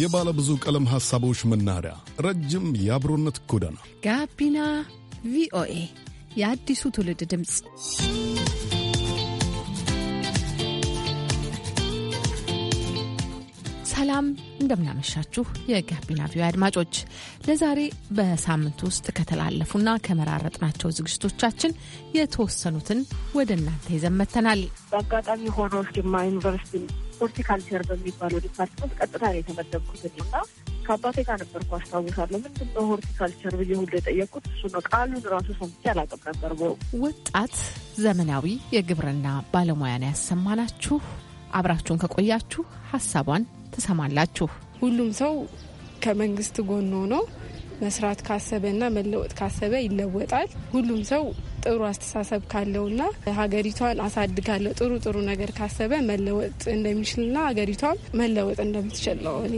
የባለ ብዙ ቀለም ሐሳቦች መናኸሪያ፣ ረጅም የአብሮነት ጎዳና ጋቢና ቪኦኤ የአዲሱ ትውልድ ድምፅ። ሰላም እንደምናመሻችሁ የጋቢና ቪኦኤ አድማጮች፣ ለዛሬ በሳምንት ውስጥ ከተላለፉና ከመራረጥናቸው ዝግጅቶቻችን የተወሰኑትን ወደ እናንተ ይዘን በአጋጣሚ ሆኖ ጅማ ዩኒቨርሲቲ ሆርቲካልቸር በሚባለው ዲፓርትመንት ቀጥታ ነው የተመደብኩት እና ከአባቴ ጋር ነበርኩ አስታውሳለሁ። ምንድን ነው ሆርቲካልቸር ብዬ ሁሉ የጠየቅኩት እሱ ነው። ቃሉን ራሱ ሰምቼ አላውቅም ነበር። ወጣት ዘመናዊ የግብርና ባለሙያን ያሰማናችሁ። አብራችሁን ከቆያችሁ ሀሳቧን ትሰማላችሁ። ሁሉም ሰው ከመንግስት ጎን ሆኖ መስራት ካሰበና መለወጥ ካሰበ ይለወጣል። ሁሉም ሰው ጥሩ አስተሳሰብ ካለውና ሀገሪቷን አሳድጋለሁ ጥሩ ጥሩ ነገር ካሰበ መለወጥ እንደሚችልና ሀገሪቷን መለወጥ እንደምትችል ነው እኔ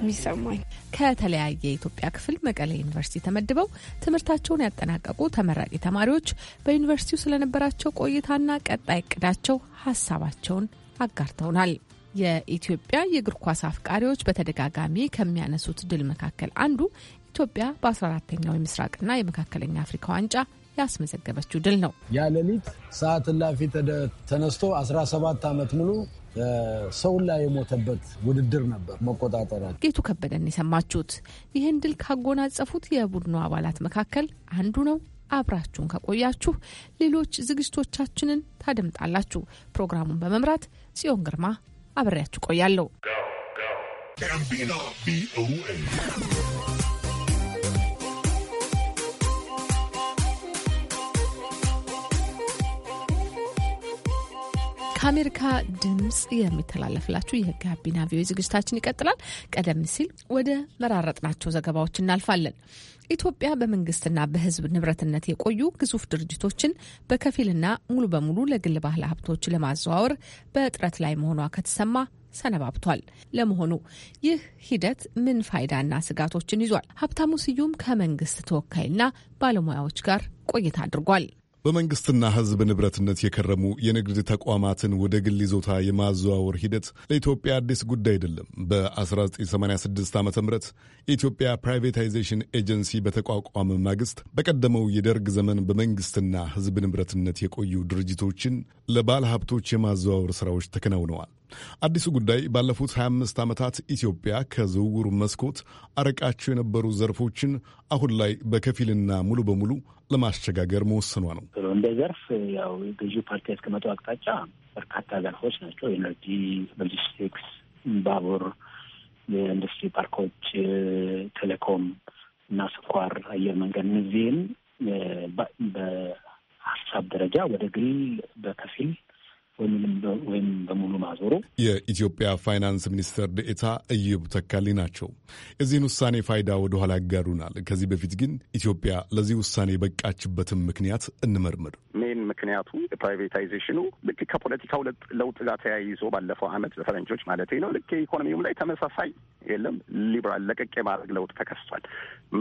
የሚሰማኝ። ከተለያየ የኢትዮጵያ ክፍል መቀሌ ዩኒቨርሲቲ ተመድበው ትምህርታቸውን ያጠናቀቁ ተመራቂ ተማሪዎች በዩኒቨርሲቲው ስለነበራቸው ቆይታና ቀጣይ እቅዳቸው ሀሳባቸውን አጋርተውናል። የኢትዮጵያ የእግር ኳስ አፍቃሪዎች በተደጋጋሚ ከሚያነሱት ድል መካከል አንዱ ኢትዮጵያ በ14ተኛው የምስራቅና የመካከለኛ አፍሪካ ዋንጫ ያስመዘገበችው ድል ነው። ያ ሌሊት ሰዓት እላፊ ተነስቶ 17 ዓመት ሙሉ ሰው ላይ የሞተበት ውድድር ነበር። መቆጣጠሪያ ጌቱ ከበደን የሰማችሁት። ይህን ድል ካጎናጸፉት የቡድኑ አባላት መካከል አንዱ ነው። አብራችሁን ከቆያችሁ ሌሎች ዝግጅቶቻችንን ታደምጣላችሁ። ፕሮግራሙን በመምራት ጽዮን ግርማ አብሬያችሁ ቆያለሁ። ከአሜሪካ ድምፅ የሚተላለፍላችሁ የጋቢና ቪኦኤ ዝግጅታችን ይቀጥላል። ቀደም ሲል ወደ መራረጥናቸው ዘገባዎች እናልፋለን። ኢትዮጵያ በመንግስትና በሕዝብ ንብረትነት የቆዩ ግዙፍ ድርጅቶችን በከፊልና ሙሉ በሙሉ ለግል ባለ ሀብቶች ለማዘዋወር በጥረት ላይ መሆኗ ከተሰማ ሰነባብቷል። ለመሆኑ ይህ ሂደት ምን ፋይዳና ስጋቶችን ይዟል? ሀብታሙ ስዩም ከመንግስት ተወካይና ባለሙያዎች ጋር ቆይታ አድርጓል። በመንግስትና ህዝብ ንብረትነት የከረሙ የንግድ ተቋማትን ወደ ግል ይዞታ የማዘዋወር ሂደት ለኢትዮጵያ አዲስ ጉዳይ አይደለም። በ1986 ዓ ም የኢትዮጵያ ፕራይቬታይዜሽን ኤጀንሲ በተቋቋመ ማግስት በቀደመው የደርግ ዘመን በመንግስትና ህዝብ ንብረትነት የቆዩ ድርጅቶችን ለባለ ሀብቶች የማዘዋወር ስራዎች ተከናውነዋል። አዲሱ ጉዳይ ባለፉት 25 ዓመታት ኢትዮጵያ ከዝውውር መስኮት አረቃቸው የነበሩ ዘርፎችን አሁን ላይ በከፊልና ሙሉ በሙሉ ለማስቸጋገር መወሰኗ ነው። እንደ ዘርፍ ያው ገዢ ፓርቲ ያስቀመጠው አቅጣጫ በርካታ ዘርፎች ናቸው። ኤነርጂ፣ ሎጂስቲክስ፣ ባቡር፣ የኢንዱስትሪ ፓርኮች፣ ቴሌኮም እና ስኳር፣ አየር መንገድ እነዚህም በሀሳብ ደረጃ ወደ ግል በከፊል ወይም በሙሉ ማዞሩ። የኢትዮጵያ ፋይናንስ ሚኒስትር ደኤታ እዮብ ተካልኝ ናቸው። የዚህን ውሳኔ ፋይዳ ወደኋላ ያጋሩናል። ከዚህ በፊት ግን ኢትዮጵያ ለዚህ ውሳኔ የበቃችበትን ምክንያት እንመርምር። ሜን ምክንያቱ ፕራይቬታይዜሽኑ ልክ ከፖለቲካው ለውጥ ጋር ተያይዞ ባለፈው ዓመት በፈረንጆች ማለት ነው ልክ የኢኮኖሚውም ላይ ተመሳሳይ የለም ሊብራል ለቀቅ የማድረግ ለውጥ ተከስቷል።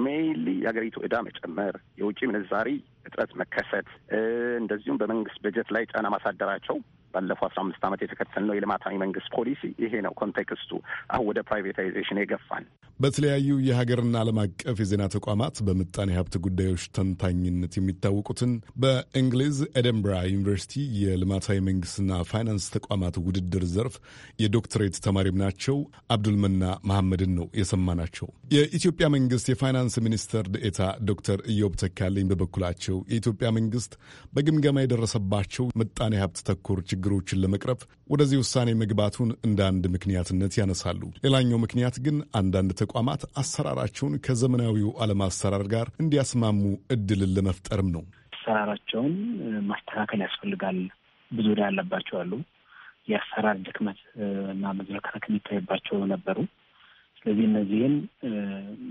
ሜይንሊ የሀገሪቱ ዕዳ መጨመር፣ የውጭ ምንዛሪ እጥረት መከሰት እንደዚሁም በመንግስት በጀት ላይ ጫና ማሳደራቸው ባለፈው አስራ አምስት ዓመት የተከተልነው የልማታዊ መንግስት ፖሊሲ ይሄ ነው ኮንቴክስቱ። አሁን ወደ ፕራይቬታይዜሽን የገፋን። በተለያዩ የሀገርና ዓለም አቀፍ የዜና ተቋማት በምጣኔ ሀብት ጉዳዮች ተንታኝነት የሚታወቁትን በእንግሊዝ ኤደንብራ ዩኒቨርሲቲ የልማታዊ መንግስትና ፋይናንስ ተቋማት ውድድር ዘርፍ የዶክትሬት ተማሪም ናቸው አብዱልመና መሐመድን ነው የሰማናቸው። የኢትዮጵያ መንግስት የፋይናንስ ሚኒስተር ደኤታ ዶክተር ኢዮብ ተካልኝ በበኩላቸው የኢትዮጵያ መንግስት በግምገማ የደረሰባቸው ምጣኔ ሀብት ተኮር ችግሮችን ለመቅረፍ ወደዚህ ውሳኔ መግባቱን እንደ አንድ ምክንያትነት ያነሳሉ። ሌላኛው ምክንያት ግን አንዳንድ ተቋማት አሰራራቸውን ከዘመናዊው ዓለም አሰራር ጋር እንዲያስማሙ እድልን ለመፍጠርም ነው። አሰራራቸውን ማስተካከል ያስፈልጋል። ብዙ ዕዳ ያለባቸው አሉ። የአሰራር ድክመት እና መዝለከረክ የሚታይባቸው ነበሩ። ስለዚህ እነዚህን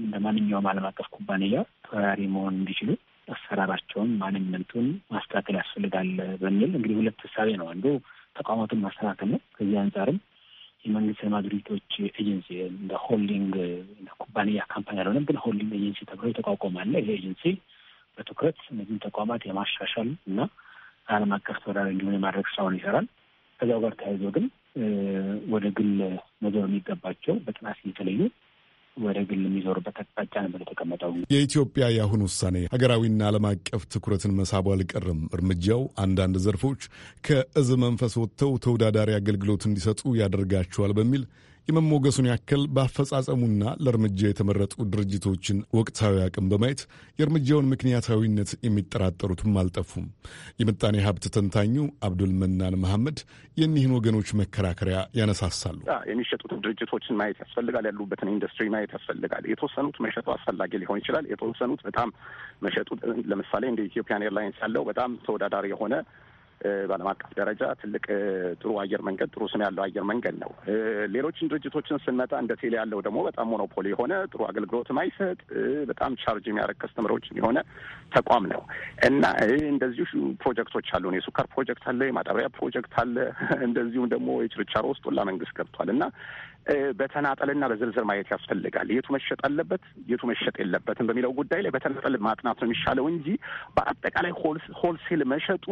እንደ ማንኛውም ዓለም አቀፍ ኩባንያ ተወራሪ መሆን እንዲችሉ አሰራራቸውን፣ ማንነቱን ማስተካከል ያስፈልጋል በሚል እንግዲህ ሁለት ህሳቤ ነው። አንዱ ተቋማቱን ማስተካከል ነው። ከዚህ አንጻርም የመንግስት ልማት ድርጅቶች ኤጀንሲ እንደ ሆልዲንግ ኩባንያ ካምፓኒ አልሆነም፣ ግን ሆልዲንግ ኤጀንሲ ተብሎ የተቋቋማለ። ይሄ ኤጀንሲ በትኩረት እነዚህም ተቋማት የማሻሻል እና ዓለም አቀፍ ተወዳዳሪ እንዲሆን የማድረግ ስራውን ይሰራል። ከዚያው ጋር ተያይዞ ግን ወደ ግል መዞር የሚገባቸው በጥናት እየተለዩ ወደ ግል የሚዞርበት አቅጣጫ ነበር የተቀመጠው። የኢትዮጵያ የአሁን ውሳኔ ሀገራዊና ዓለም አቀፍ ትኩረትን መሳቡ አልቀርም። እርምጃው አንዳንድ ዘርፎች ከእዝ መንፈስ ወጥተው ተወዳዳሪ አገልግሎት እንዲሰጡ ያደርጋቸዋል በሚል የመሞገሱን ያክል በአፈጻጸሙና ለእርምጃ የተመረጡ ድርጅቶችን ወቅታዊ አቅም በማየት የእርምጃውን ምክንያታዊነት የሚጠራጠሩትም አልጠፉም። የምጣኔ ሀብት ተንታኙ አብዱል መናን መሐመድ የኒህን ወገኖች መከራከሪያ ያነሳሳሉ። የሚሸጡት ድርጅቶችን ማየት ያስፈልጋል። ያሉበትን ኢንዱስትሪ ማየት ያስፈልጋል። የተወሰኑት መሸጡ አስፈላጊ ሊሆን ይችላል። የተወሰኑት በጣም መሸጡ ለምሳሌ እንደ ኢትዮጵያን ኤርላይንስ ያለው በጣም ተወዳዳሪ የሆነ በዓለም አቀፍ ደረጃ ትልቅ ጥሩ አየር መንገድ ጥሩ ስም ያለው አየር መንገድ ነው። ሌሎችን ድርጅቶችን ስንመጣ እንደ ቴሌ ያለው ደግሞ በጣም ሞኖፖሊ የሆነ ጥሩ አገልግሎት ማይሰጥ በጣም ቻርጅ የሚያደርግ ከስተምሮች የሆነ ተቋም ነው እና እንደዚሁ ፕሮጀክቶች አሉ። የሱካር ፕሮጀክት አለ፣ የማዳበሪያ ፕሮጀክት አለ። እንደዚሁም ደግሞ የችርቻሮ ውስጥ ሁላ መንግስት ገብቷል እና በተናጠልና በዝርዝር ማየት ያስፈልጋል። የቱ መሸጥ አለበት፣ የቱ መሸጥ የለበትም በሚለው ጉዳይ ላይ በተናጠል ማጥናት ነው የሚሻለው እንጂ በአጠቃላይ ሆልሴል መሸጡ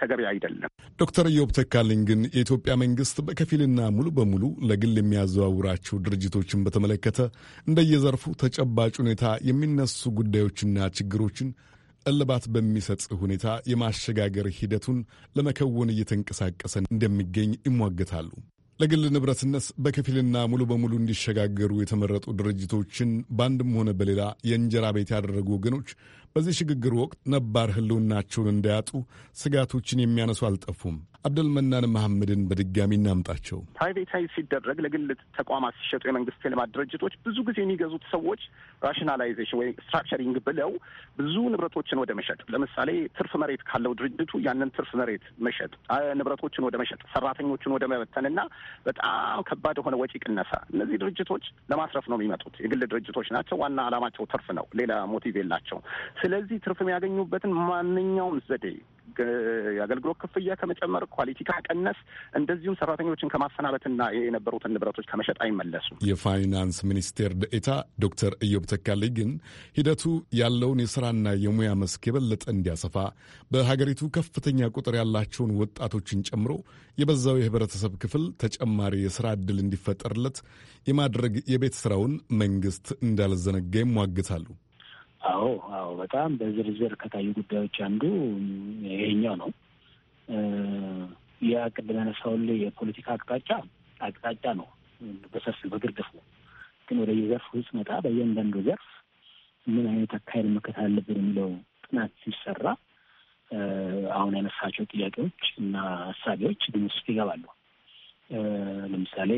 ተገቢ አይደለም። ዶክተር ኢዮብ ተካልኝ ግን የኢትዮጵያ መንግስት በከፊልና ሙሉ በሙሉ ለግል የሚያዘዋውራቸው ድርጅቶችን በተመለከተ እንደየዘርፉ ተጨባጭ ሁኔታ የሚነሱ ጉዳዮችና ችግሮችን እልባት በሚሰጥ ሁኔታ የማሸጋገር ሂደቱን ለመከወን እየተንቀሳቀሰ እንደሚገኝ ይሟገታሉ። ለግል ንብረትነት በከፊልና ሙሉ በሙሉ እንዲሸጋገሩ የተመረጡ ድርጅቶችን በአንድም ሆነ በሌላ የእንጀራ ቤት ያደረጉ ወገኖች በዚህ ሽግግር ወቅት ነባር ህልውናቸውን እንዳያጡ ስጋቶችን የሚያነሱ አልጠፉም። አብደልመናን መሐመድን በድጋሚ እናምጣቸው። ፕራይቬታይዝ ሲደረግ ለግል ተቋማት ሲሸጡ የመንግስት የልማት ድርጅቶች ብዙ ጊዜ የሚገዙት ሰዎች ራሽናላይዜሽን ወይም ስትራክቸሪንግ ብለው ብዙ ንብረቶችን ወደ መሸጥ፣ ለምሳሌ ትርፍ መሬት ካለው ድርጅቱ ያንን ትርፍ መሬት መሸጥ፣ ንብረቶችን ወደ መሸጥ፣ ሰራተኞችን ወደ እና በጣም ከባድ የሆነ ወጪ ቅነሳ። እነዚህ ድርጅቶች ለማስረፍ ነው የሚመጡት። የግል ድርጅቶች ናቸው። ዋና አላማቸው ትርፍ ነው። ሌላ ሞቲቭ የላቸው። ስለዚህ ትርፍ የሚያገኙበትን ማንኛውም ዘዴ የአገልግሎት ክፍያ ከመጨመር፣ ኳሊቲ ከመቀነስ፣ እንደዚሁም ሰራተኞችን ከማሰናበትና የነበሩትን ንብረቶች ከመሸጥ አይመለሱም። የፋይናንስ ሚኒስቴር ደኤታ ዶክተር ኢዮብ ተካልኝ ግን ሂደቱ ያለውን የስራና የሙያ መስክ የበለጠ እንዲያሰፋ በሀገሪቱ ከፍተኛ ቁጥር ያላቸውን ወጣቶችን ጨምሮ የበዛው የህብረተሰብ ክፍል ተጨማሪ የስራ እድል እንዲፈጠርለት የማድረግ የቤት ስራውን መንግስት እንዳልዘነጋ ይሟግታሉ። አዎ አዎ፣ በጣም በዝርዝር ከታዩ ጉዳዮች አንዱ ይሄኛው ነው። ያ ቅድም የፖለቲካ አቅጣጫ አቅጣጫ ነው በሰፊ በግርድፉ ግን ወደ የዘርፍ ውስጥ መጣ በእያንዳንዱ ዘርፍ ምን አይነት አካሄድ መከተል አለብን የሚለው ጥናት ሲሰራ አሁን ያነሳቸው ጥያቄዎች እና አሳቢዎች ግን ውስጥ ይገባሉ። ለምሳሌ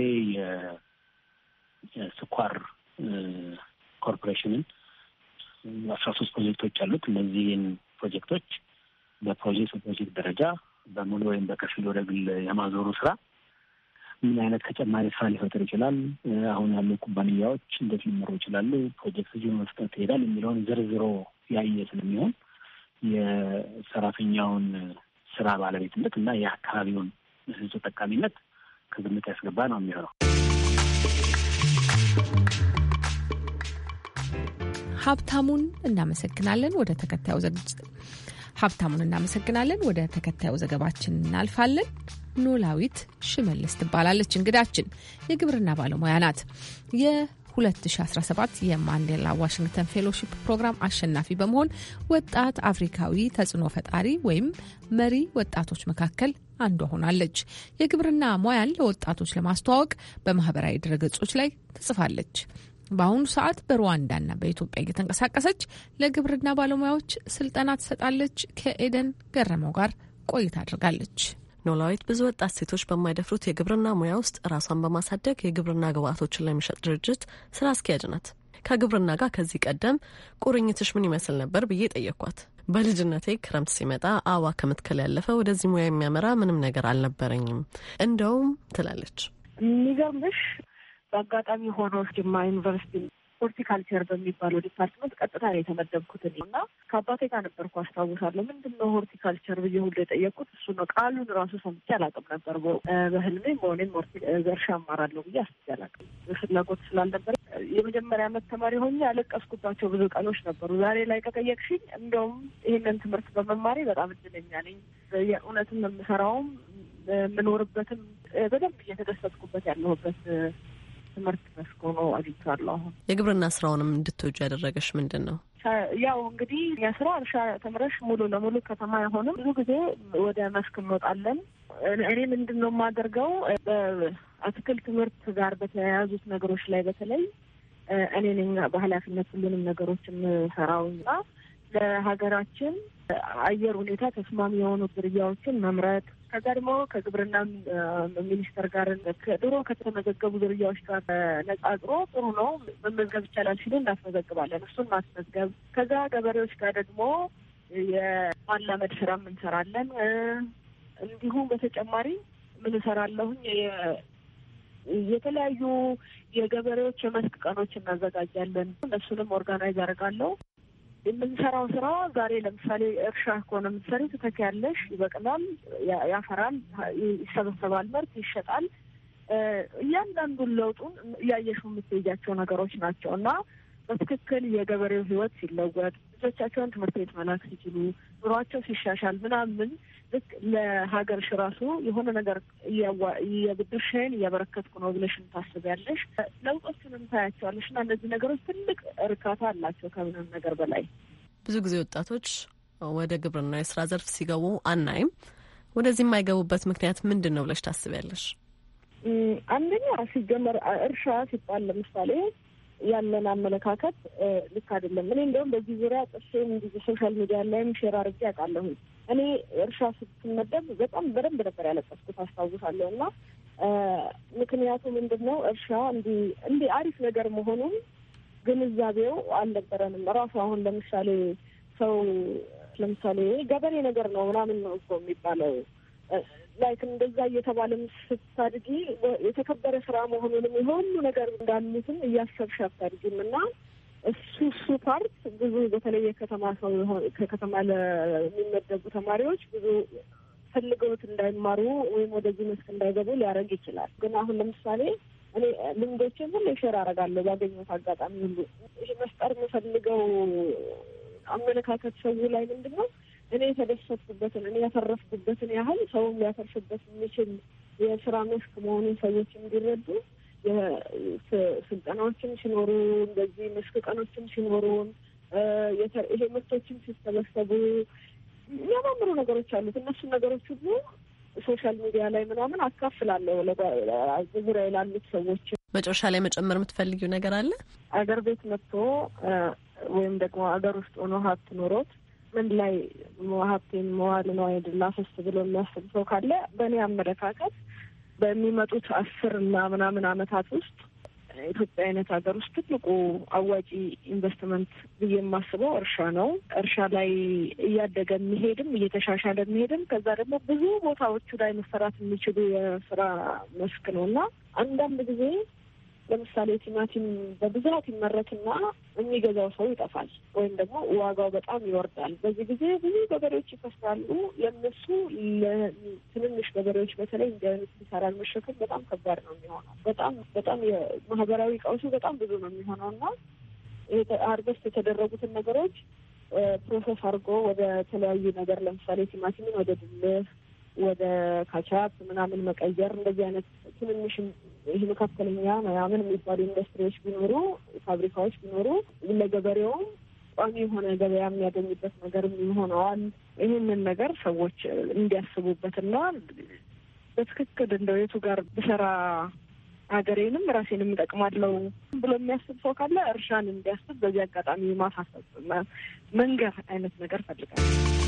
የስኳር ኮርፖሬሽንን አስራ ሶስት ፕሮጀክቶች አሉት። እነዚህን ፕሮጀክቶች በፕሮጀክት በፕሮጀክት ደረጃ በሙሉ ወይም በከፊል ወደ ግል የማዞሩ ስራ ምን አይነት ተጨማሪ ስራ ሊፈጥር ይችላል፣ አሁን ያሉ ኩባንያዎች እንዴት ሊመሩ ይችላሉ፣ ፕሮጀክት ዚ መፍጠት ይሄዳል የሚለውን ዝርዝሮ ያየ ስለሚሆን የሰራተኛውን ስራ ባለቤትነት እና የአካባቢውን ህዝብ ተጠቃሚነት ከግምት ያስገባ ነው የሚሆነው። ሀብታሙን እናመሰግናለን። ወደ ተከታዩ ሀብታሙን እናመሰግናለን። ወደ ተከታዩ ዘገባችን እናልፋለን። ኖላዊት ሽመልስ ትባላለች እንግዳችን። የግብርና ባለሙያ ናት። የ 2017 የማንዴላ ዋሽንግተን ፌሎሺፕ ፕሮግራም አሸናፊ በመሆን ወጣት አፍሪካዊ ተጽዕኖ ፈጣሪ ወይም መሪ ወጣቶች መካከል አንዷ ሆናለች። የግብርና ሙያን ለወጣቶች ለማስተዋወቅ በማህበራዊ ድረገጾች ላይ ትጽፋለች። በአሁኑ ሰዓት በሩዋንዳና በኢትዮጵያ እየተንቀሳቀሰች ለግብርና ባለሙያዎች ስልጠና ትሰጣለች። ከኤደን ገረመው ጋር ቆይታ አድርጋለች። ኖላዊት ብዙ ወጣት ሴቶች በማይደፍሩት የግብርና ሙያ ውስጥ ራሷን በማሳደግ የግብርና ግብአቶችን ለሚሸጥ ድርጅት ስራ አስኪያጅ ናት። ከግብርና ጋር ከዚህ ቀደም ቁርኝትሽ ምን ይመስል ነበር ብዬ ጠየኳት። በልጅነቴ ክረምት ሲመጣ አበባ ከመትከል ያለፈ ወደዚህ ሙያ የሚያመራ ምንም ነገር አልነበረኝም እንደውም ትላለች። የሚገርምሽ በአጋጣሚ ሆኖ ጅማ ዩኒቨርሲቲ ሆርቲካልቸር በሚባለው ዲፓርትመንት ቀጥታ ነው የተመደብኩት እና ከአባቴ ጋር ነበርኩ አስታውሳለሁ። ምንድን ነው ሆርቲካልቸር ብዬ ሁሉ የጠየቅኩት እሱ ነው። ቃሉን ራሱ ሰምቼ አላውቅም ነበር። በህልሜ መሆኔም ዘርሻ አማራለሁ ብዬ አስቤ አላውቅም። ፍላጎት ስላልነበር የመጀመሪያ ዓመት ተማሪ ሆኜ ያለቀስኩባቸው ብዙ ቀኖች ነበሩ። ዛሬ ላይ ከጠየቅሽኝ እንደውም ይህንን ትምህርት በመማሬ በጣም እድለኛ ነኝ። የእውነትም የምሰራውም የምኖርበትም በደንብ እየተደሰጥኩበት ያለሁበት ትምህርት መስክ ሆኖ አግኝቷለሁ። አሁን የግብርና ስራውንም እንድትወጁ ያደረገሽ ምንድን ነው? ያው እንግዲህ የስራ እርሻ ተምረሽ ሙሉ ለሙሉ ከተማ አይሆንም። ብዙ ጊዜ ወደ መስክ እንወጣለን። እኔ ምንድን ነው የማደርገው በአትክልት ትምህርት ጋር በተያያዙት ነገሮች ላይ በተለይ እኔ ነኝ በኃላፊነት ሁሉንም ነገሮች የምሰራውና ለሀገራችን አየር ሁኔታ ተስማሚ የሆኑ ዝርያዎችን መምረጥ ከዛ ደግሞ ከግብርና ሚኒስቴር ጋር ድሮ ከተመዘገቡ ዝርያዎች ጋር ነጻጽሮ ጥሩ ነው መመዝገብ ይቻላል ሲሉ እናስመዘግባለን። እሱን ማስመዝገብ ከዛ ገበሬዎች ጋር ደግሞ የማላመድ ስራም እንሰራለን። እንዲሁም በተጨማሪ ምን እሰራለሁኝ የተለያዩ የገበሬዎች የመስክ ቀኖች እናዘጋጃለን። እነሱንም ኦርጋናይዝ አደርጋለሁ። የምንሰራው ስራ ዛሬ ለምሳሌ እርሻ ከሆነ የምትሰሪ ትተኪያለሽ፣ ይበቅላል፣ ያፈራል፣ ይሰበሰባል፣ ምርት ይሸጣል። እያንዳንዱን ለውጡን እያየሹ የምትሄጃቸው ነገሮች ናቸው እና በትክክል የገበሬው ህይወት ሲለወጥ ልጆቻቸውን ትምህርት ቤት መላክ ሲችሉ ኑሯቸው ሲሻሻል ምናምን ልክ ለሀገር ሽራሱ የሆነ ነገር የብድርሽን እያበረከትኩ ነው ብለሽን ታስቢያለሽ። ለውጦችንም ታያቸዋለሽ እና እነዚህ ነገሮች ትልቅ እርካታ አላቸው ከምንም ነገር በላይ። ብዙ ጊዜ ወጣቶች ወደ ግብርና የስራ ዘርፍ ሲገቡ አናይም። ወደዚህ የማይገቡበት ምክንያት ምንድን ነው ብለሽ ታስቢያለሽ? አንደኛ ሲጀመር እርሻ ሲባል ለምሳሌ ያለን አመለካከት ልክ አይደለም። እኔ እንደውም በዚህ ዙሪያ ጥሴም እንዲህ ሶሻል ሚዲያ ላይም ሼር አድርጌ ያውቃለሁ። እኔ እርሻ ስትመደብ በጣም በደንብ ነበር ያለቀስኩት አስታውሳለሁ። እና ምክንያቱ ምንድን ነው? እርሻ እንዲህ እንዲህ አሪፍ ነገር መሆኑን ግንዛቤው አልነበረንም። ራሱ አሁን ለምሳሌ ሰው ለምሳሌ ገበሬ ነገር ነው ምናምን ነው እኮ የሚባለው ላይክ እንደዛ እየተባለም ስታድጊ የተከበረ ስራ መሆኑንም የሆኑ ነገር እንዳሉትም እያሰብሽ አታድጊም እና እሱ እሱ ፓርት ብዙ በተለይ ከተማ ሰው ከከተማ ለሚመደቡ ተማሪዎች ብዙ ፈልገውት እንዳይማሩ ወይም ወደዚህ መስክ እንዳይገቡ ሊያደርግ ይችላል። ግን አሁን ለምሳሌ እኔ ልምዶችን ሁሉ ሼር አደርጋለሁ ባገኘሁት አጋጣሚ ሁሉ ይህ መስጠር የምፈልገው አመለካከት ሰው ላይ ምንድን ነው እኔ የተደሰትኩበትን እኔ ያተረፍኩበትን ያህል ሰውም ሊያተርፍበት የሚችል የስራ መስክ መሆኑን ሰዎች እንዲረዱ ስልጠናዎችም ሲኖሩ እንደዚህ መስክ ቀኖችም ሲኖሩን ይሄ ምርቶችም ሲሰበሰቡ የሚያማምሩ ነገሮች አሉት። እነሱን ነገሮች ሁሉ ሶሻል ሚዲያ ላይ ምናምን አካፍላለሁ ዙሪያ ላሉት ሰዎች። መጨረሻ ላይ መጨመር የምትፈልጊው ነገር አለ? አገር ቤት መጥቶ ወይም ደግሞ አገር ውስጥ ሆኖ ሀብት ኖሮት ምን ላይ ሀብቴን መዋል ነው አይደል ላፈስ ብሎ የሚያስብ ሰው ካለ በእኔ አመለካከት በሚመጡት አስር እና ምናምን አመታት ውስጥ ኢትዮጵያ አይነት ሀገር ውስጥ ትልቁ አዋጪ ኢንቨስትመንት ብዬ የማስበው እርሻ ነው። እርሻ ላይ እያደገ የሚሄድም እየተሻሻለ የሚሄድም ከዛ ደግሞ ብዙ ቦታዎቹ ላይ መሰራት የሚችሉ የስራ መስክ ነው እና አንዳንድ ጊዜ ለምሳሌ ቲማቲም በብዛት ይመረትና የሚገዛው ሰው ይጠፋል፣ ወይም ደግሞ ዋጋው በጣም ይወርዳል። በዚህ ጊዜ ብዙ ገበሬዎች ይፈስራሉ። ለእነሱ ትንንሽ ገበሬዎች በተለይ እንዲህ አይነት ኪሳራን መሸከም በጣም ከባድ ነው የሚሆነው። በጣም በጣም የማህበራዊ ቀውሱ በጣም ብዙ ነው የሚሆነው እና አርገስት የተደረጉትን ነገሮች ፕሮሰስ አድርጎ ወደ ተለያዩ ነገር ለምሳሌ ቲማቲምን ወደ ድልህ ወደ ካቻፕ ምናምን መቀየር እንደዚህ አይነት ትንንሽም ይህ መካከለኛ ምናምን የሚባሉ ኢንዱስትሪዎች ቢኖሩ ፋብሪካዎች ቢኖሩ ለገበሬውም ቋሚ የሆነ ገበያ የሚያገኝበት ነገር ይሆነዋል። ይህንን ነገር ሰዎች እንዲያስቡበትና በትክክል እንደው የቱ ጋር ብሰራ ሀገሬንም ራሴንም እጠቅማለሁ ብሎ የሚያስብ ሰው ካለ እርሻን እንዲያስብ በዚህ አጋጣሚ ማሳሰብ መንገር አይነት ነገር ፈልጋለሁ።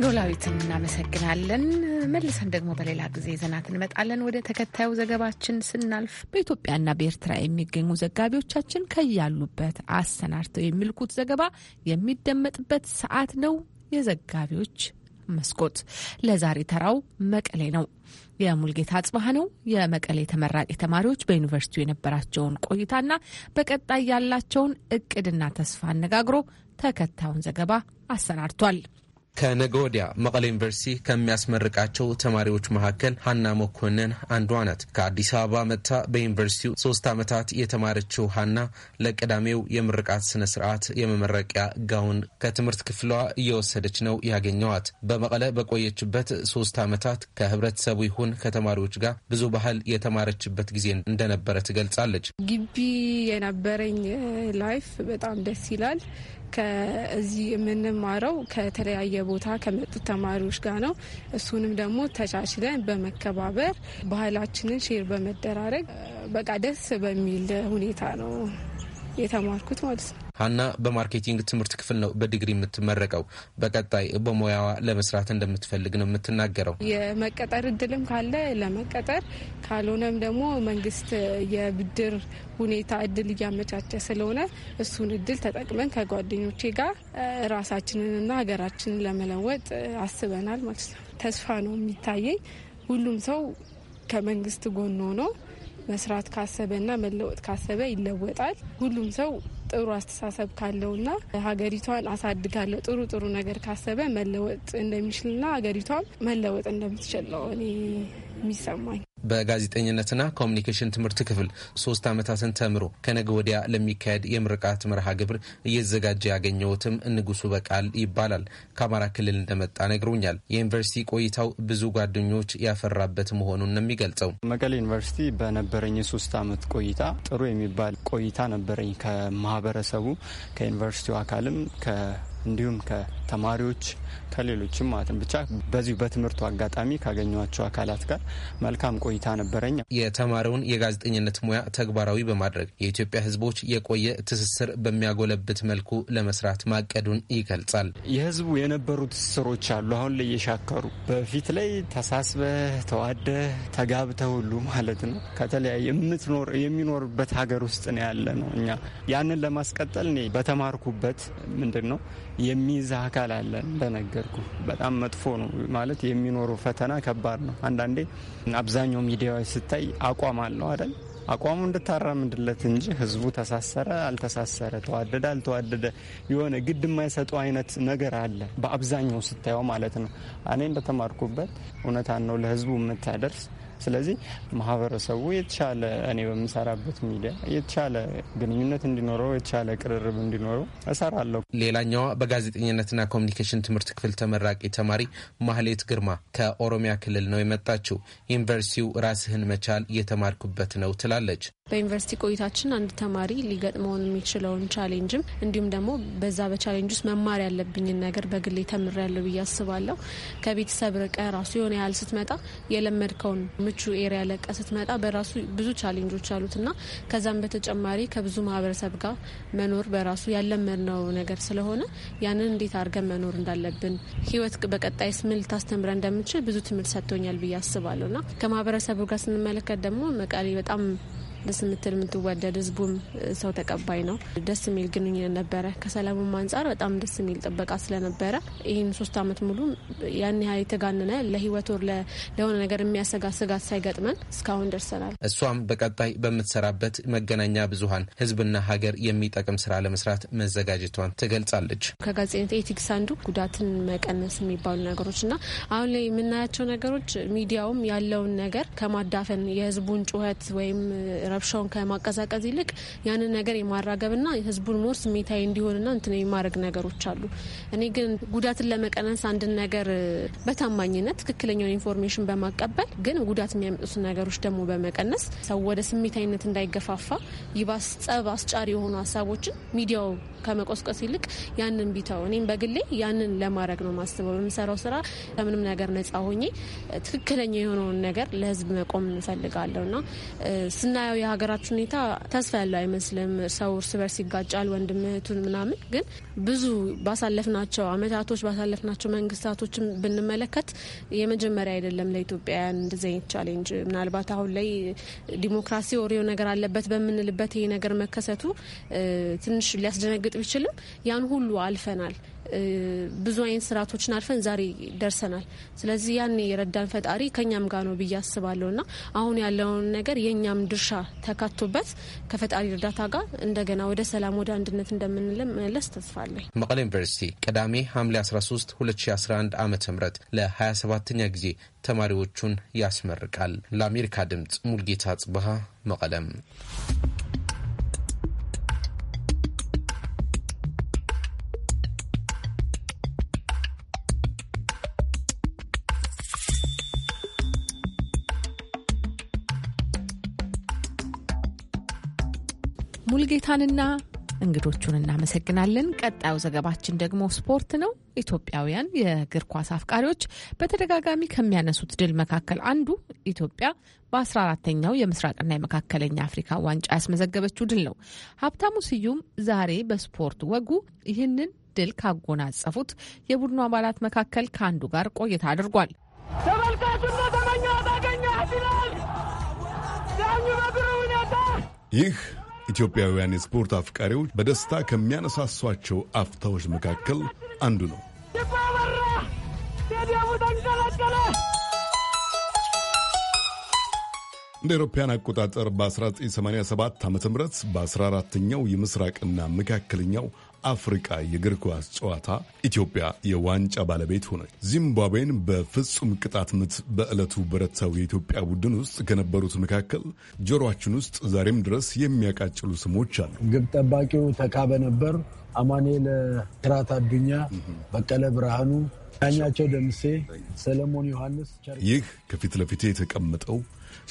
ኖላዊትን እናመሰግናለን። መልሰን ደግሞ በሌላ ጊዜ ዘናት እንመጣለን። ወደ ተከታዩ ዘገባችን ስናልፍ በኢትዮጵያና በኤርትራ የሚገኙ ዘጋቢዎቻችን ከያሉበት አሰናድተው የሚልኩት ዘገባ የሚደመጥበት ሰዓት ነው። የዘጋቢዎች መስኮት ለዛሬ ተራው መቀሌ ነው። የሙልጌታ አጽባህ ነው። የመቀሌ ተመራቂ ተማሪዎች በዩኒቨርሲቲው የነበራቸውን ቆይታና በቀጣይ ያላቸውን እቅድና ተስፋ አነጋግሮ ተከታዩን ዘገባ አሰናድቷል። ከነገ ወዲያ መቀሌ ዩኒቨርሲቲ ከሚያስመርቃቸው ተማሪዎች መካከል ሀና መኮንን አንዷ ናት። ከአዲስ አበባ መጥታ በዩኒቨርሲቲው ሶስት ዓመታት የተማረችው ሀና ለቀዳሜው የምርቃት ስነ ስርዓት የመመረቂያ ጋውን ከትምህርት ክፍሏ እየወሰደች ነው ያገኘዋት። በመቀለ በቆየችበት ሶስት ዓመታት ከህብረተሰቡ ይሁን ከተማሪዎች ጋር ብዙ ባህል የተማረችበት ጊዜ እንደነበረ ትገልጻለች። ግቢ የነበረኝ ላይፍ በጣም ደስ ይላል። ከዚህ የምንማረው ከተለያየ ቦታ ከመጡት ተማሪዎች ጋር ነው። እሱንም ደግሞ ተቻችለን በመከባበር ባህላችንን ሼር በመደራረግ በቃ ደስ በሚል ሁኔታ ነው የተማርኩት ማለት ነው። ሀና በማርኬቲንግ ትምህርት ክፍል ነው በዲግሪ የምትመረቀው። በቀጣይ በሙያዋ ለመስራት እንደምትፈልግ ነው የምትናገረው። የመቀጠር እድልም ካለ ለመቀጠር ካልሆነም ደግሞ መንግስት የብድር ሁኔታ እድል እያመቻቸ ስለሆነ እሱን እድል ተጠቅመን ከጓደኞቼ ጋር ራሳችንንና ሀገራችንን ለመለወጥ አስበናል ማለት ነው። ተስፋ ነው የሚታየኝ። ሁሉም ሰው ከመንግስት ጎን ሆኖ መስራት ካሰበና መለወጥ ካሰበ ይለወጣል። ሁሉም ሰው ጥሩ አስተሳሰብ ካለውና ሀገሪቷን አሳድጋለሁ ጥሩ ጥሩ ነገር ካሰበ መለወጥ እንደሚችልና ሀገሪቷም መለወጥ እንደምትችል ነው እኔ የሚሰማኝ። በጋዜጠኝነትና ኮሚኒኬሽን ትምህርት ክፍል ሶስት ዓመታትን ተምሮ ከነገ ወዲያ ለሚካሄድ የምርቃት መርሃ ግብር እየተዘጋጀ ያገኘሁትም ንጉሱ በቃል ይባላል። ከአማራ ክልል እንደመጣ ነግሩኛል። የዩኒቨርሲቲ ቆይታው ብዙ ጓደኞች ያፈራበት መሆኑን ነው የሚገልጸው። መቀሌ ዩኒቨርሲቲ በነበረኝ የሶስት ዓመት ቆይታ ጥሩ የሚባል ቆይታ ነበረኝ ከማህበረሰቡ ከዩኒቨርሲቲው አካልም እንዲሁም ተማሪዎች ከሌሎችም ማለት ብቻ በዚሁ በትምህርቱ አጋጣሚ ካገኟቸው አካላት ጋር መልካም ቆይታ ነበረኝ። የተማሪውን የጋዜጠኝነት ሙያ ተግባራዊ በማድረግ የኢትዮጵያ ሕዝቦች የቆየ ትስስር በሚያጎለብት መልኩ ለመስራት ማቀዱን ይገልጻል። የህዝቡ የነበሩ ትስስሮች አሉ፣ አሁን ላይ እየሻከሩ በፊት ላይ ተሳስበህ ተዋደህ ተጋብተ ሁሉ ማለት ነው ከተለያየ የምትኖር የሚኖርበት ሀገር ውስጥ ነው ያለ ነው። እኛ ያንን ለማስቀጠል እኔ በተማርኩበት ምንድን ነው የሚይዛ አካል እንቻላለን። እንደነገርኩ በጣም መጥፎ ነው ማለት የሚኖረው ፈተና ከባድ ነው። አንዳንዴ አብዛኛው ሚዲያዎች ስታይ አቋም አለው አይደል? አቋሙ እንድታራምድለት እንጂ ህዝቡ ተሳሰረ አልተሳሰረ፣ ተዋደደ አልተዋደደ የሆነ ግድ የማይሰጡ አይነት ነገር አለ በአብዛኛው ስታየው ማለት ነው። እኔ እንደተማርኩበት እውነታን ነው ለህዝቡ የምታደርስ ስለዚህ ማህበረሰቡ የተሻለ እኔ በምሰራበት ሚዲያ የተሻለ ግንኙነት እንዲኖረው የተሻለ ቅርርብ እንዲኖረው እሰራለሁ። ሌላኛዋ በጋዜጠኝነትና ኮሚኒኬሽን ትምህርት ክፍል ተመራቂ ተማሪ ማህሌት ግርማ ከኦሮሚያ ክልል ነው የመጣችው። ዩኒቨርሲቲው ራስህን መቻል እየተማርኩበት ነው ትላለች። በዩኒቨርሲቲ ቆይታችን አንድ ተማሪ ሊገጥመውን የሚችለውን ቻሌንጅም እንዲሁም ደግሞ በዛ በቻሌንጅ ውስጥ መማር ያለብኝን ነገር በግሌ ተምሬያለሁ ብዬ አስባለሁ። ከቤተሰብ ርቀ ራሱ የሆነ ያህል ስትመጣ የለመድከውን ምቹ ኤሪያ ለቀ ስትመጣ በራሱ ብዙ ቻሌንጆች አሉት እና ከዛም በተጨማሪ ከብዙ ማህበረሰብ ጋር መኖር በራሱ ያለመድነው ነገር ስለሆነ ያንን እንዴት አድርገን መኖር እንዳለብን ህይወት በቀጣይስ ምን ልታስተምረ እንደምችል ብዙ ትምህርት ሰጥቶኛል ብዬ አስባለሁ ና ከማህበረሰቡ ጋር ስንመለከት ደግሞ መቀሌ በጣም ደስ የምትል የምትወደድ፣ ህዝቡም ሰው ተቀባይ ነው። ደስ የሚል ግንኙነት ነበረ። ከሰላሙም አንጻር በጣም ደስ የሚል ጥበቃ ስለነበረ ይህን ሶስት አመት ሙሉ ያን ያህል የተጋነነ ለህይወት ወር ለሆነ ነገር የሚያሰጋ ስጋት ሳይገጥመን እስካሁን ደርሰናል። እሷም በቀጣይ በምትሰራበት መገናኛ ብዙሀን ህዝብና ሀገር የሚጠቅም ስራ ለመስራት መዘጋጀቷን ትገልጻለች። ከጋዜጠኝነት ኤቲክስ አንዱ ጉዳትን መቀነስ የሚባሉ ነገሮች እና አሁን ላይ የምናያቸው ነገሮች ሚዲያውም ያለውን ነገር ከማዳፈን የህዝቡን ጩኸት ወይም ረብሻውን ከማቀዛቀዝ ይልቅ ያንን ነገር የማራገብና ህዝቡን ሞር ስሜታዊ እንዲሆንና እንትን የማድረግ ነገሮች አሉ። እኔ ግን ጉዳትን ለመቀነስ አንድን ነገር በታማኝነት ትክክለኛውን ኢንፎርሜሽን በማቀበል ግን ጉዳት የሚያመጡትን ነገሮች ደግሞ በመቀነስ ሰው ወደ ስሜታዊነት እንዳይገፋፋ ይባስ ጸብ አስጫሪ የሆኑ ሀሳቦችን ሚዲያው ከመቆስቆስ ይልቅ ያንን ቢተው እኔም በግሌ ያንን ለማድረግ ነው ማስበው። በምሰራው ስራ ከምንም ነገር ነጻ ሆኜ ትክክለኛ የሆነውን ነገር ለህዝብ መቆም እንፈልጋለሁ እና ስናየው የሀገራችን ሁኔታ ተስፋ ያለው አይመስልም። ሰው እርስ በርስ ይጋጫል፣ ወንድም እህቱን ምናምን። ግን ብዙ ባሳለፍናቸው አመታቶች ባሳለፍናቸው መንግስታቶችን ብንመለከት የመጀመሪያ አይደለም ለኢትዮጵያውያን እንደዚህ አይነት ቻሌንጅ። ምናልባት አሁን ላይ ዲሞክራሲ ወሬው ነገር አለበት በምንልበት ይሄ ነገር መከሰቱ ትንሽ ሊያስደነግ ሊለውጥ ቢችልም ያን ሁሉ አልፈናል። ብዙ አይነት ስርዓቶችን አልፈን ዛሬ ደርሰናል። ስለዚህ ያን የረዳን ፈጣሪ ከኛም ጋር ነው ብዬ አስባለሁ እና አሁን ያለውን ነገር የእኛም ድርሻ ተካቶበት ከፈጣሪ እርዳታ ጋር እንደገና ወደ ሰላም ወደ አንድነት እንደምንመለስ ተስፋ አለኝ። መቀሌ ዩኒቨርሲቲ ቅዳሜ ሐምሌ 13 2011 ዓ ም ለ27ኛ ጊዜ ተማሪዎቹን ያስመርቃል። ለአሜሪካ ድምፅ ሙልጌታ ጽብሃ መቀለም ሙልጌታንና እንግዶቹን እናመሰግናለን። ቀጣዩ ዘገባችን ደግሞ ስፖርት ነው። ኢትዮጵያውያን የእግር ኳስ አፍቃሪዎች በተደጋጋሚ ከሚያነሱት ድል መካከል አንዱ ኢትዮጵያ በ14ተኛው የምስራቅና የመካከለኛ አፍሪካ ዋንጫ ያስመዘገበችው ድል ነው። ሀብታሙ ስዩም ዛሬ በስፖርት ወጉ ይህንን ድል ካጎናጸፉት የቡድኑ አባላት መካከል ከአንዱ ጋር ቆይታ አድርጓል። ይህ ኢትዮጵያውያን የስፖርት አፍቃሪዎች በደስታ ከሚያነሳሷቸው አፍታዎች መካከል አንዱ ነው። እንደ አውሮፓውያን አቆጣጠር በ1987 ዓ ም በ14ኛው የምስራቅና መካከለኛው አፍሪቃ የእግር ኳስ ጨዋታ ኢትዮጵያ የዋንጫ ባለቤት ሆነች። ዚምባብዌን በፍጹም ቅጣት ምት በዕለቱ በረታው የኢትዮጵያ ቡድን ውስጥ ከነበሩት መካከል ጆሮአችን ውስጥ ዛሬም ድረስ የሚያቃጭሉ ስሞች አሉ። ግብ ጠባቂው ተካበ ነበር፣ አማኔ ስራት፣ አዱኛ በቀለ፣ ብርሃኑ ዳኛቸው፣ ደምሴ ሰለሞን ዮሐንስ። ይህ ከፊት ለፊቴ የተቀመጠው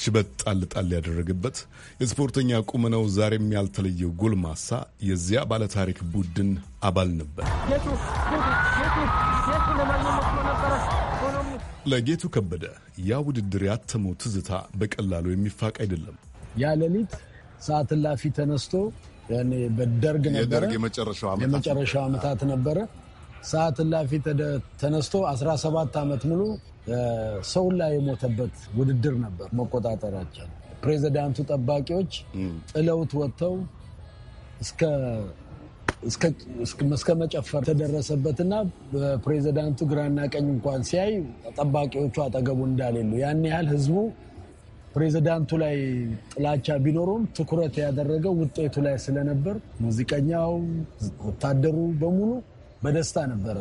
ሽበት ጣል ጣል ያደረገበት የስፖርተኛ ቁመናው ዛሬም ያልተለየው ጎልማሳ የዚያ ባለታሪክ ቡድን አባል ነበር። ለጌቱ ከበደ ያ ውድድር ያተመው ትዝታ በቀላሉ የሚፋቅ አይደለም። ያ ሌሊት ሰዓት ላፊ ተነስቶ በደርግ ነበረ፣ የመጨረሻው ዓመታት ነበረ። ሰዓት ላፊ ተነስቶ 17 ዓመት ሙሉ ሰውን ላይ የሞተበት ውድድር ነበር። መቆጣጠራቸው ፕሬዚዳንቱ ጠባቂዎች ጥለውት ወጥተው እስከ መጨፈር ተደረሰበትና ፕሬዚዳንቱ ግራና ቀኝ እንኳን ሲያይ ጠባቂዎቹ አጠገቡ እንዳሌሉ ያን ያህል ህዝቡ ፕሬዚዳንቱ ላይ ጥላቻ ቢኖሩም ትኩረት ያደረገው ውጤቱ ላይ ስለነበር ሙዚቀኛው፣ ወታደሩ በሙሉ በደስታ ነበር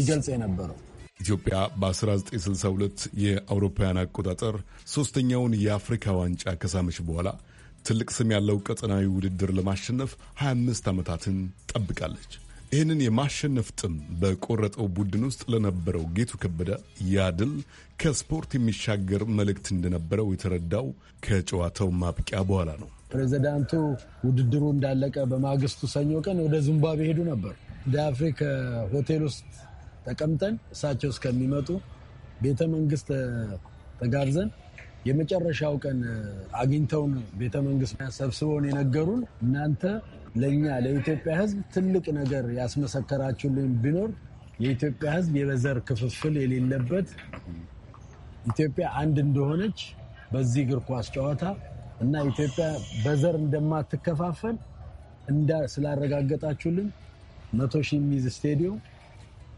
ይገልጽ የነበረው። ኢትዮጵያ በ1962 የአውሮፓውያን አቆጣጠር ሦስተኛውን የአፍሪካ ዋንጫ ከሳመች በኋላ ትልቅ ስም ያለው ቀጠናዊ ውድድር ለማሸነፍ 25 ዓመታትን ጠብቃለች። ይህንን የማሸነፍ ጥም በቆረጠው ቡድን ውስጥ ለነበረው ጌቱ ከበደ ያ ድል ከስፖርት የሚሻገር መልእክት እንደነበረው የተረዳው ከጨዋታው ማብቂያ በኋላ ነው። ፕሬዚዳንቱ ውድድሩ እንዳለቀ በማግስቱ ሰኞ ቀን ወደ ዚምባብዌ ሄዱ ነበር። ደአፍሪክ ሆቴል ውስጥ ተቀምጠን እሳቸው እስከሚመጡ ቤተ መንግስት ተጋብዘን የመጨረሻው ቀን አግኝተውን ቤተ መንግስት ሰብስበውን የነገሩን እናንተ ለእኛ ለኢትዮጵያ ሕዝብ ትልቅ ነገር ያስመሰከራችሁልኝ ቢኖር የኢትዮጵያ ሕዝብ የበዘር ክፍፍል የሌለበት ኢትዮጵያ አንድ እንደሆነች በዚህ እግር ኳስ ጨዋታ እና ኢትዮጵያ በዘር እንደማትከፋፈል እንዳ ስላረጋገጣችሁልን መቶ ሺህ የሚይዝ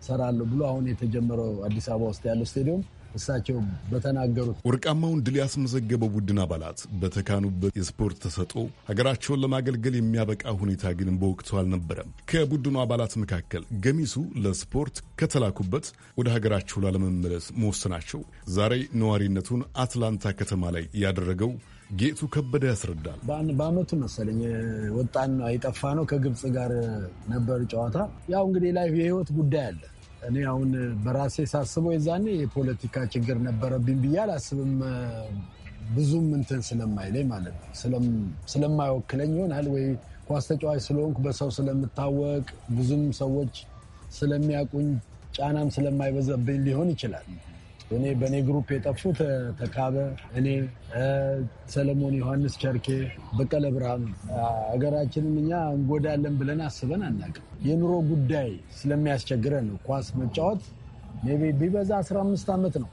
ሰራለሁ ብሎ አሁን የተጀመረው አዲስ አበባ ውስጥ ያለው ስቴዲየም እሳቸው በተናገሩት ወርቃማውን ድል ያስመዘገበው ቡድን አባላት በተካኑበት የስፖርት ተሰጦ ሀገራቸውን ለማገልገል የሚያበቃ ሁኔታ ግን በወቅቱ አልነበረም። ከቡድኑ አባላት መካከል ገሚሱ ለስፖርት ከተላኩበት ወደ ሀገራቸው ላለመመለስ መወሰናቸው ዛሬ ነዋሪነቱን አትላንታ ከተማ ላይ ያደረገው ጌቱ ከበደ ያስረዳል። በአመቱ መሰለኝ ወጣን የጠፋ ነው። ከግብፅ ጋር ነበር ጨዋታ። ያው እንግዲህ ላይ የህይወት ጉዳይ አለ። እኔ አሁን በራሴ ሳስበው የዛኔ የፖለቲካ ችግር ነበረብኝ ብዬ አላስብም። ብዙም እንትን ስለማይለኝ ማለት ነው ስለማይወክለኝ ይሆናል ወይ ኳስ ተጫዋች ስለሆንኩ በሰው ስለምታወቅ ብዙም ሰዎች ስለሚያውቁኝ ጫናም ስለማይበዛብኝ ሊሆን ይችላል። እኔ በእኔ ግሩፕ የጠፉት ተካበ፣ እኔ፣ ሰለሞን ዮሐንስ፣ ቸርኬ፣ በቀለ ብርሃኑ ሀገራችንን እኛ እንጎዳለን ብለን አስበን አናውቅም። የኑሮ ጉዳይ ስለሚያስቸግረን ኳስ መጫወት ቢበዛ 15 ዓመት ነው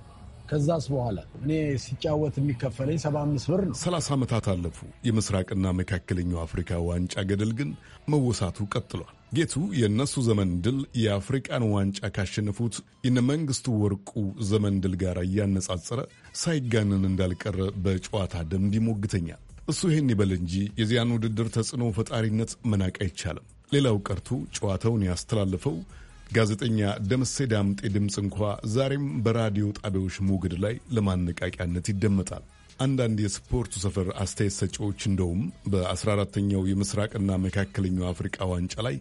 ከዛስ በኋላ እኔ ሲጫወት የሚከፈለኝ 75 ብር ነው። 30 ዓመታት አለፉ። የምስራቅና መካከለኛው አፍሪካ ዋንጫ ገደል ግን መወሳቱ ቀጥሏል። ጌቱ የእነሱ ዘመን ድል የአፍሪቃን ዋንጫ ካሸነፉት የነ መንግስቱ ወርቁ ዘመን ድል ጋር እያነጻጸረ ሳይጋንን እንዳልቀረ በጨዋታ ደንብ ይሞግተኛል። እሱ ይህን ይበል እንጂ የዚያን ውድድር ተጽዕኖ ፈጣሪነት መናቅ አይቻልም። ሌላው ቀርቶ ጨዋታውን ያስተላለፈው ጋዜጠኛ ደምሴ ዳምጤ ድምፅ እንኳ ዛሬም በራዲዮ ጣቢያዎች ሞገድ ላይ ለማነቃቂያነት ይደመጣል። አንዳንድ የስፖርቱ ሰፈር አስተያየት ሰጪዎች እንደውም በ14ተኛው የምስራቅና መካከለኛው አፍሪቃ ዋንጫ ላይ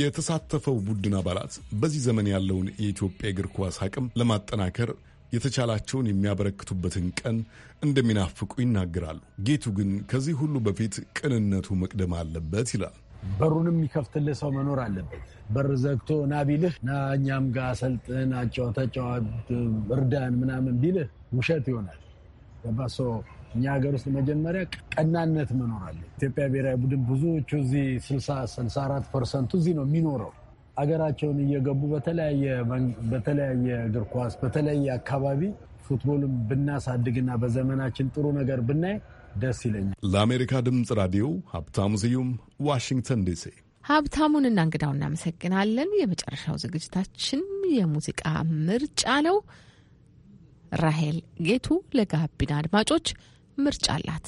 የተሳተፈው ቡድን አባላት በዚህ ዘመን ያለውን የኢትዮጵያ እግር ኳስ አቅም ለማጠናከር የተቻላቸውን የሚያበረክቱበትን ቀን እንደሚናፍቁ ይናገራሉ። ጌቱ ግን ከዚህ ሁሉ በፊት ቅንነቱ መቅደም አለበት ይላል። በሩንም የሚከፍትልህ ሰው መኖር አለበት። በር ዘግቶ ና ቢልህ ና እኛም ጋር አሰልጥን፣ አጫው እርዳን ምናምን ቢልህ ውሸት ይሆናል። ገባህ? እኛ ሀገር ውስጥ መጀመሪያ ቀናነት መኖር አለ። ኢትዮጵያ ብሔራዊ ቡድን ብዙዎቹ እዚህ 64 ፐርሰንቱ እዚህ ነው የሚኖረው። አገራቸውን እየገቡ በተለያየ እግር ኳስ በተለያየ አካባቢ ፉትቦልን ብናሳድግና በዘመናችን ጥሩ ነገር ብናይ ደስ ይለኛል። ለአሜሪካ ድምፅ ራዲዮ ሀብታሙ ስዩም ዋሽንግተን ዲሲ። ሀብታሙን እና እንግዳው እናመሰግናለን። የመጨረሻው ዝግጅታችን የሙዚቃ ምርጫ ነው። ራሄል ጌቱ ለጋቢና አድማጮች ምርጫ አላት።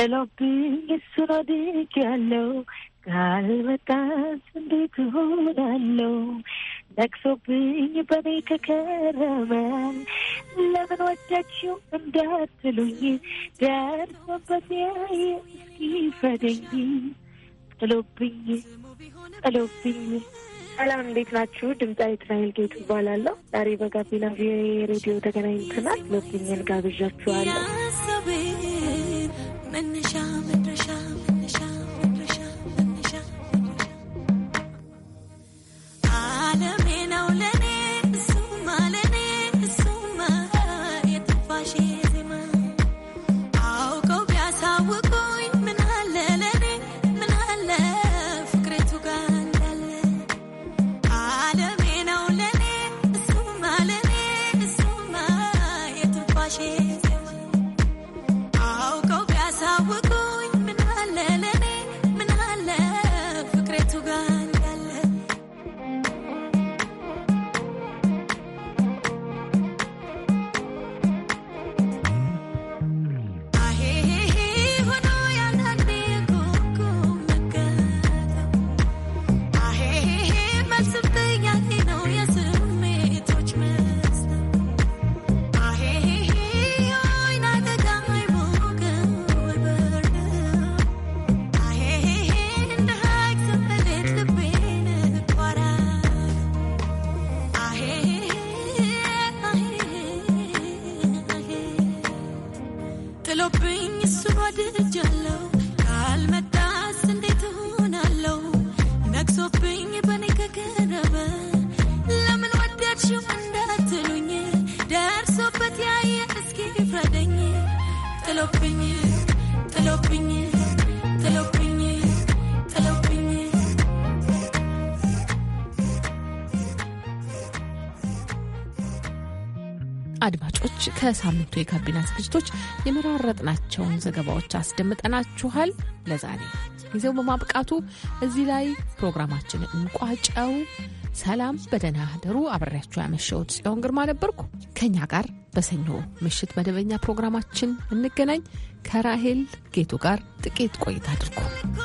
ጥሎብኝ ስሮድቅ ያለው ቃል እንዴት እሆናለሁ ነግሶብኝ በኔ ከከረመ ለምን ወዳችው እንዳትሉኝ ደርሶበት ያየ እስኪፈደኝ ጥሎብኝ ጥሎብኝ። ሰላም እንዴት ናችሁ? ድምፃዊ ትናይል ጌቱ እባላለሁ። ዛሬ በጋቢና ቪኦኤ ሬዲዮ ተገናኝተናል። ሎብኝን ጋብዣችኋለሁ። ከሳምንቱ የካቢና ዝግጅቶች የመራረጥናቸውን ዘገባዎች አስደምጠናችኋል። ለዛሬ ጊዜው በማብቃቱ እዚህ ላይ ፕሮግራማችን እንቋጨው። ሰላም፣ በደህና ደሩ። አብሬያችሁ ያመሸሁት ጽዮን ግርማ ነበርኩ። ከእኛ ጋር በሰኞ ምሽት መደበኛ ፕሮግራማችን እንገናኝ። ከራሄል ጌቱ ጋር ጥቂት ቆይታ አድርጉ።